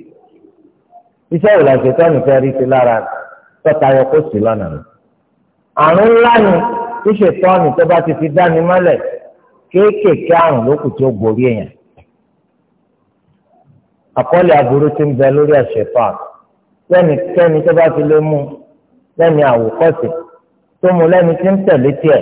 iṣẹ́ ìlà àṣetánù fẹ́ rí sí lára tọ́tayọ kó sí lọ́nà rẹ̀ àrùn ńlá ni tí ṣètọ́nù tó bá ti fi dáni mọ́lẹ̀ kéékèèké àrùn lókù tí ó borí èèyàn àkọọ́lẹ̀ aburú ti ń bẹ lórí àṣetán lẹ́nikẹ́ni tó bá ti lé mú lẹ́ni àwòkọ́sì tó mú lẹ́ni tí ń tẹ̀lé tiẹ̀.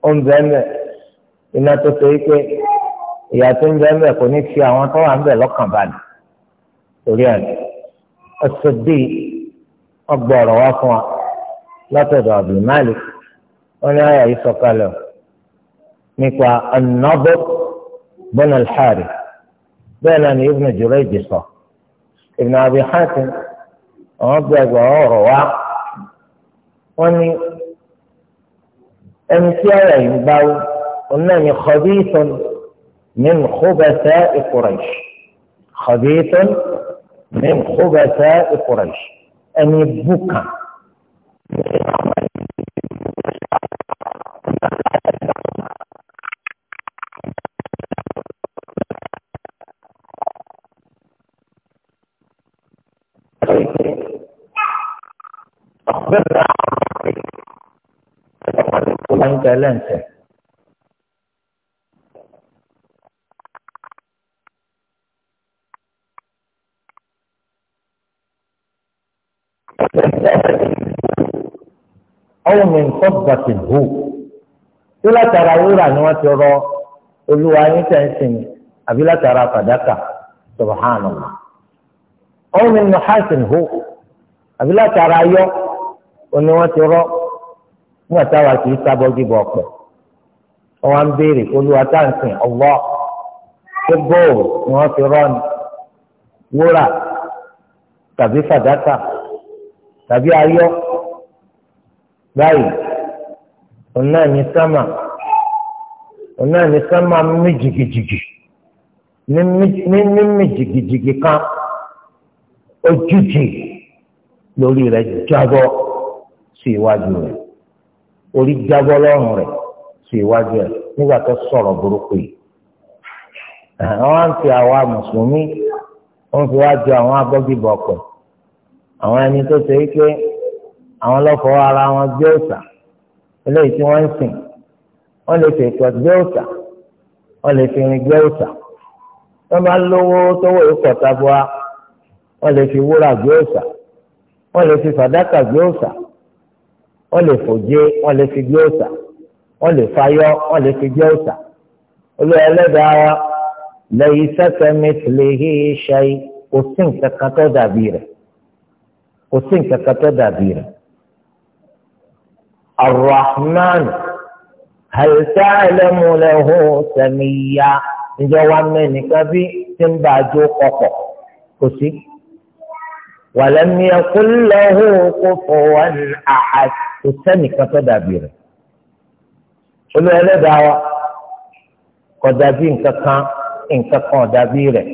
ó ń bẹ ń bẹ iná tó ṣe pé ìyá tó ń bẹ ń bẹ kò ní fi àwọn tó wà ń bẹ lọ́kàn balẹ̀ torí ẹ̀ ọ̀sẹ̀ bíi ọgbà ọ̀rọ̀ wá fún wa látọ̀dọ̀ Abdul wọn ní àyà yìí sọ̀kalẹ̀ nípa ni ẹni tí ara yìí ń bá wí òun náà ni khabithun min khubatha'i Quraysh khabithun min khubatha'i Quraysh ẹni bùkàn. أخبرنا lẹ́ǹtẹ̀. ọ̀hún mi nǹkan bàtì hù tí látara wúrà ni wọ́n ti rọ olúwa yín tẹ̀ ń sìn àbí látara fàdákà subhanallah ọ̀hún mi nǹkan bàtì hù àbí látara yọ òní wọ́n ti rọ nígbà táwa kì í sábọ́jú bọ̀ ọ̀pọ̀ wọn ń béèrè olúwa táǹsìn ọwọ́ ṣé góòlù ni wọ́n fi rọ́ọ̀nì wúrà tàbí fàdákà tàbí ayọ́ báyìí òun náà ní sámà òun náà ní sámà mí ní mímí kan ojújì lórí rẹ̀ jábọ́ sí iwájú rẹ̀ orí jábọ́ lọ́rùn rẹ̀ sí iwájú ẹ̀ nígbà tó sọ̀rọ̀ burúkú yìí. àwọn ń fi àwa mùsùlùmí wọ́n fi wá ju àwọn abọ́gibọ̀ pẹ̀ àwọn ẹni tó ṣe pé àwọn lọ́fọ̀ ara wọn gbé òòṣà eléyìí tí wọ́n ń sìn wọ́n lè fi ìpẹ́ gbé òòṣà wọ́n lè fi irin gbé òòṣà wọ́n bá lówó tówó ìkọ̀tà wọ́n lè fi wúrà gbé òòṣà wọ́n lè fi fàdákà gbé òòṣà wọ́n lè fòjé wọ́n lè fi gbé òòsà wọ́n lè fayọ́ wọ́n lè fi gbé òòsà olùwà ẹlẹ́dàá wa lẹ́yìn sẹ́sẹ́ mẹ́tìlẹ́hì ṣayí kò sí nǹkan tó dàbí rẹ̀ kò sí nǹkan tó dàbí rẹ̀ arrahman hal ta'lamu lahu samiyya ǹjẹ́ wàá mẹ́nìkan bí tí ń bá a jó kọ̀kọ̀ kò sí. ولم يكن له كفوا أحد kò sẹ́nìkan tó dàbí rẹ̀ olú ẹlẹ́dàá wa kò dàbí nǹkan kan nǹkan kan dàbí rẹ̀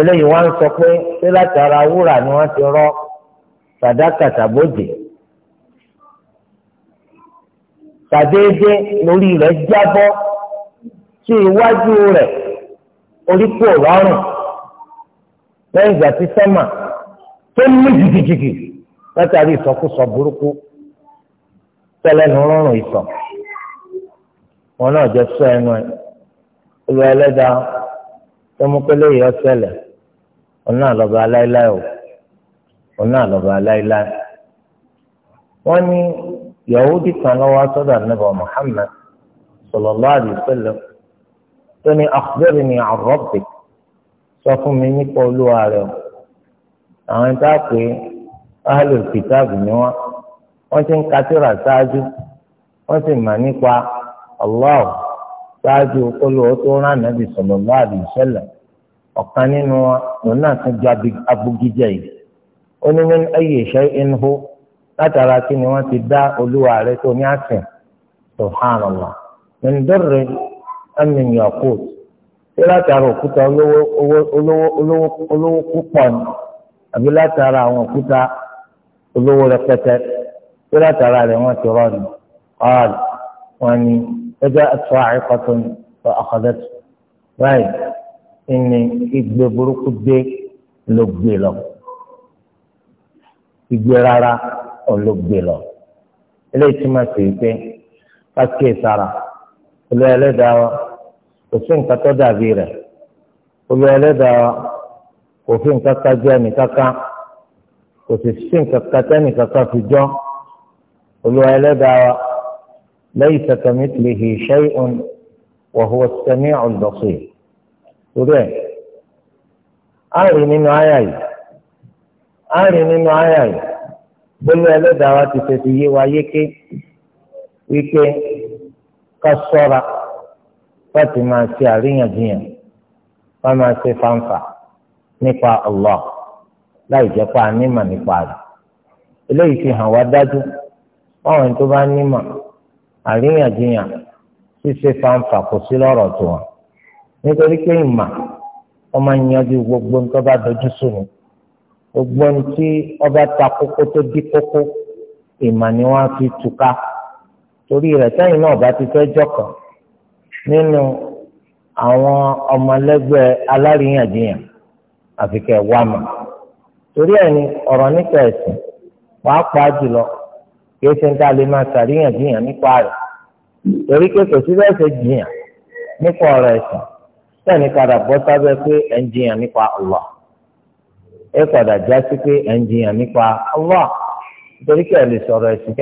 eléyìí wá ń sọ pé ṣé láti ara wúrà ni wọ́n ti rọ́ fàdákà tàbójì tàdéédé lórí rẹ̀ jábọ́ sí iwájú rẹ̀ orí kò rọrùn lẹ́yìn ìgbà tí sẹ́mà tó ní jìgìjìgì látàrí ìsọkúsọ burúkú tẹ́lẹ̀nu rọrùn ìsọ wọn náà jẹ sọ ẹnu ẹ olùwà ẹlẹ́dàá tó mú pé léyìí ọ̀sẹ̀lẹ̀ òun náà lọ́ba aláìláì o òun náà lọ́ba aláìláì wọ́n ní yahudi kan lọ́wọ́ sọ́dọ̀ ànábọ̀ muhammed sallallahu alaihi wasallam tó ní akhbirni an rabbik sọ fún mi nípa olúwa rẹ àwọn ìta pé. ahlul kitab ni wọn wọn ti ń katira ṣáájú wọn sì mà nípa allah ṣáájú kólú tó rán nínú wọn ju yìí ó ní látara kí ni wọn ti dá olúwa tó ní subhanallah látara òkúta olówó olówó rẹpẹtẹ tó látara rẹ̀ wọ́n ti rọ́ọ̀nù ọ̀ọ́d wọn ni ẹjọ́ ẹ̀tọ́ àríkọ́tún lọ ọ̀kọ́dẹ́tù báyìí ìní igbe burúkú dé ló gbé lọ igbe rárá ọ̀ ló gbé lọ eléyìí túmọ̀ sí pé kákìí sára olú ẹlẹ́dàá wa kò sí nǹkan tó dàbí rẹ̀ olú ẹlẹ́dàá wa kò fi nǹkan ká jẹ́ nìkan kan kò sì sí nǹkan kan tẹ́nì kankan fi jọ́ olúwa ẹlẹ́dàá wa laysa kamithlihi shay'un wa huwa as-sami'ul basir torí ẹ̀ á rí nínú àyà yìí á rí nínú àyà yìí bólú ẹlẹ́dàá wa ti fẹ́ fi yé wa yéké wípé ká sọ́ra láti máa ṣe àríyànjiyàn ká máa ṣe fáńfà nípa Allah. láì jẹ́ pé a nímọ̀ nípa rẹ̀ eléyìí fi hàn wá dájú báwọn tó bá nímọ̀ àríyànjiyàn ṣíṣe fanfà kò sí lọ́rọ̀ tó wọn nítorí pé ìmọ̀ wọn máa ń yanjú gbogbo ní bá dojú sùn ní gbogbo ní tí ọba ta kókó tó dí kókó ìmọ̀ fi túká torí rẹ̀ sẹ́yìn náà bá ti fẹ́ nínú àwọn ọmọlẹ́gbẹ́ àfikẹ́ wàmọ̀. torí ẹni ọ̀rọ̀ nípa ẹ̀sìn wàá pa jùlọ kí ẹsẹ̀ ń tà lè máa ṣàríyànjiyàn nípa rẹ̀ torí pé kò sí bẹ́ẹ̀ jiyàn nípa ọ̀rọ̀ ẹ̀sìn bẹ́ẹ̀ ni padà bọ́ sábẹ́ pé ẹ̀ ń jiyàn nípa padà já sí pé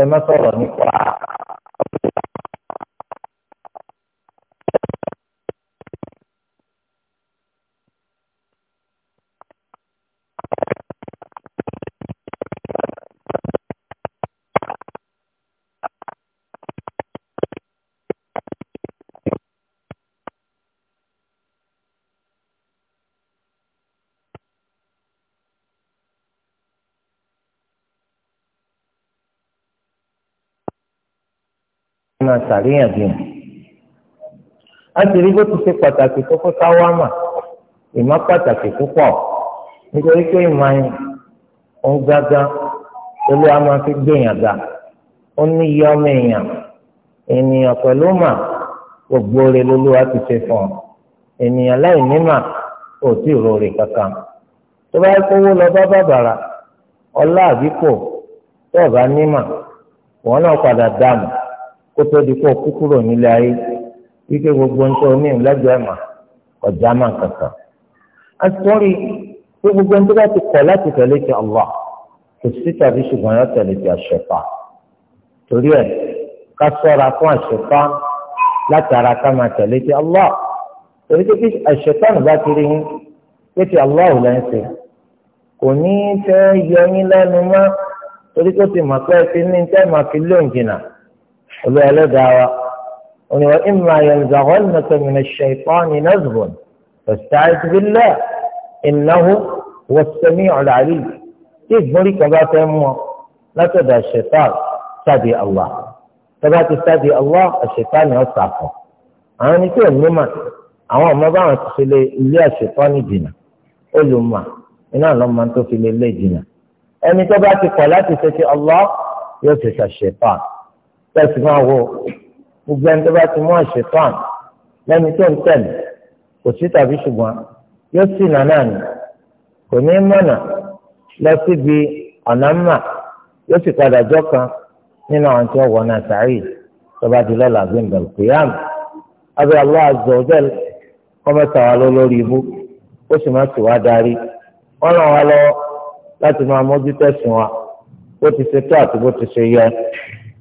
ẹ̀ ń sàríyànjiyàn a sì rí bó ti ṣe pàtàkì tó kó mà ìmọ̀ pàtàkì púpọ̀ nítorí pé ìmọ̀ yẹn òun gángan olúwa máa fi gbìyàn ga ó ní iye ọmọ èèyàn ènìyàn pẹ̀lú mà gbogbo rẹ̀ lolúwa ti ṣe fún ọ ènìyàn láì ní mà ò tí ì rọrẹ kankan tó bá kówó lọ bá bàbàrà ọlá àbíkò tó ọba ní mà wọn náà padà dààmú kó tó di kó kú kúrò nílé ayé wípé gbogbo ń tọ́ ní ìlẹ́gbẹ̀ẹ́ mà ọ̀já mà kankan. àtúntò pé gbogbo ń tó bá ti kọ̀ láti tẹ̀lé ti Allah kò sí tàbí ṣùgbọ́n yóò tẹ̀lé ti àṣẹfà torí ẹ̀ ká sọ́ra fún àṣẹfà látara ká máa tẹ̀lé ti Allah torí pé àṣẹfà nígbà tí rí yín pé ti Allah ò lẹ́sẹ̀ kò ní fẹ́ yọ yín lẹ́nu mọ́ torí pé ó ti mọ̀ pé ẹ olúwa ẹlẹ́dàá wa òní wa ìmọ̀ àyẹ̀lẹ́dàá nàkàmìnà ṣẹ̀tọ́ni nàzbọ̀n fasta'idh billah innahu huwa as-sami'ul 'alim tí ìgbórí kan bá fẹ́ mú ọ látọ̀dọ̀ ṣẹ̀tọ́n sábì allah tọ́ba ti sábì allah ṣẹ̀tọ́n ni ó sàkọ̀ àwọn ẹni tí ò ní mà àwọn ọmọ báwọn ti fi lé ilé ṣẹ̀tọ́n ní jìnnà olùmọ̀ iná lọ́mọ tó fi lé lé jìnnà ẹni tó ti kọ̀ láti ṣe ti allah yóò ti ṣàṣẹ̀tọ́n tẹ̀sí máa wọ gbogbo ẹni tó bá ti mú àṣetán lẹ́ni tó ń tẹ̀lé kò sí tàbí ṣùgbọ́n yóò sì nànà nì kò ní mọ̀nà lọ síbi ọ̀nà mà yóò sì padà jọ kan nínú àwọn tí wọ́n wọ̀ náà sáré tó bá di lọ́la gbẹ̀ngàn kìyàm abẹ́ Allah azza wa jal kọ́mẹ́ta wa lọ lórí ibú ó sì má sì wá darí wọ́n ràn wá lọ́wọ́ láti máa mójútó ẹ̀sìn wa bó ti ṣe tó àti bó ti ṣe yẹ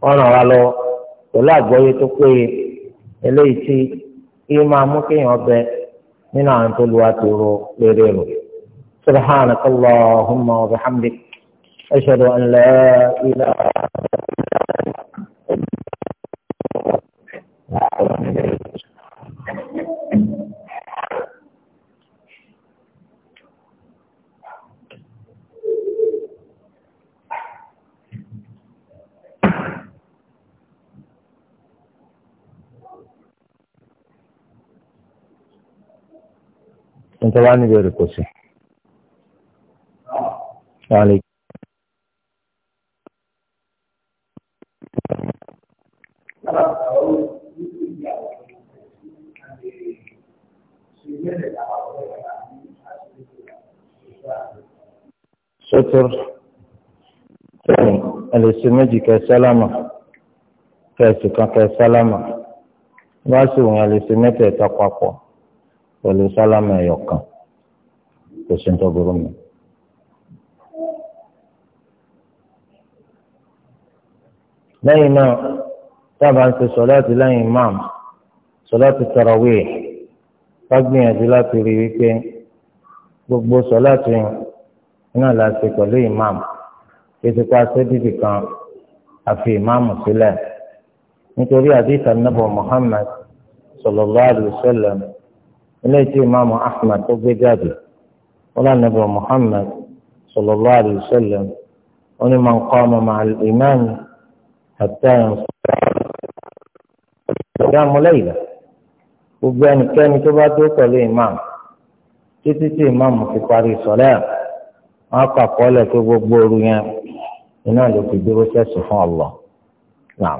ọ̀ràn wa lọ pẹ̀lú àgbọ́yé tó péye eléyìí tí kí máa mú kéèyàn bẹ nínú àwọn tó lu àtòrò rere rò subhanakallahumma wa bihamdik ashhadu an la ilaha. ẹni tó bá níbi èrè kò sí. sotor tẹ̀yìn ẹlẹ́sì méjì kẹ sálámà kẹsì kan kẹ sálámà wá sí òun ẹlẹ́sì mẹ́tẹ̀ẹ̀ta papọ̀ pẹ̀lú sálámà ẹ̀yọ̀kan kò sí tó burú mi. lẹ́yìn náà dábàá ń ṣe sọ̀láàtì lẹ́yìn imam sọ̀láàtì tarawih ká gbìyànjú láti rí wípé gbogbo sọ̀láàtì náà la ṣe pẹ̀lú imam ètò pa sẹ́dídì kan àfi imam sílẹ̀ nítorí àdìsá nàbọ̀ Muhammad sallallahu alaihi wasallam eléyìí tí imaamu ahmed tó gbé jáde wọn lọ nàbẹ muhammed sallallahu alayhi wa sallam wọn ni máa ń kọ́ ọmọ màá ìmáàmù àti àyàn sọ̀rọ̀ ìyá amúlẹ́yìlá gbogbo ẹnikẹ́ni tó bá tó pẹ̀lú ìmáàmù títí tí ìmáàmù fi parí sọ̀rọ̀ ẹ̀ wọn kọ́ àkọọ́lẹ̀ tó gbogbo ooru yẹn iná ló fi dúró sẹ́sùn fún ọlọ́ọ̀ náà.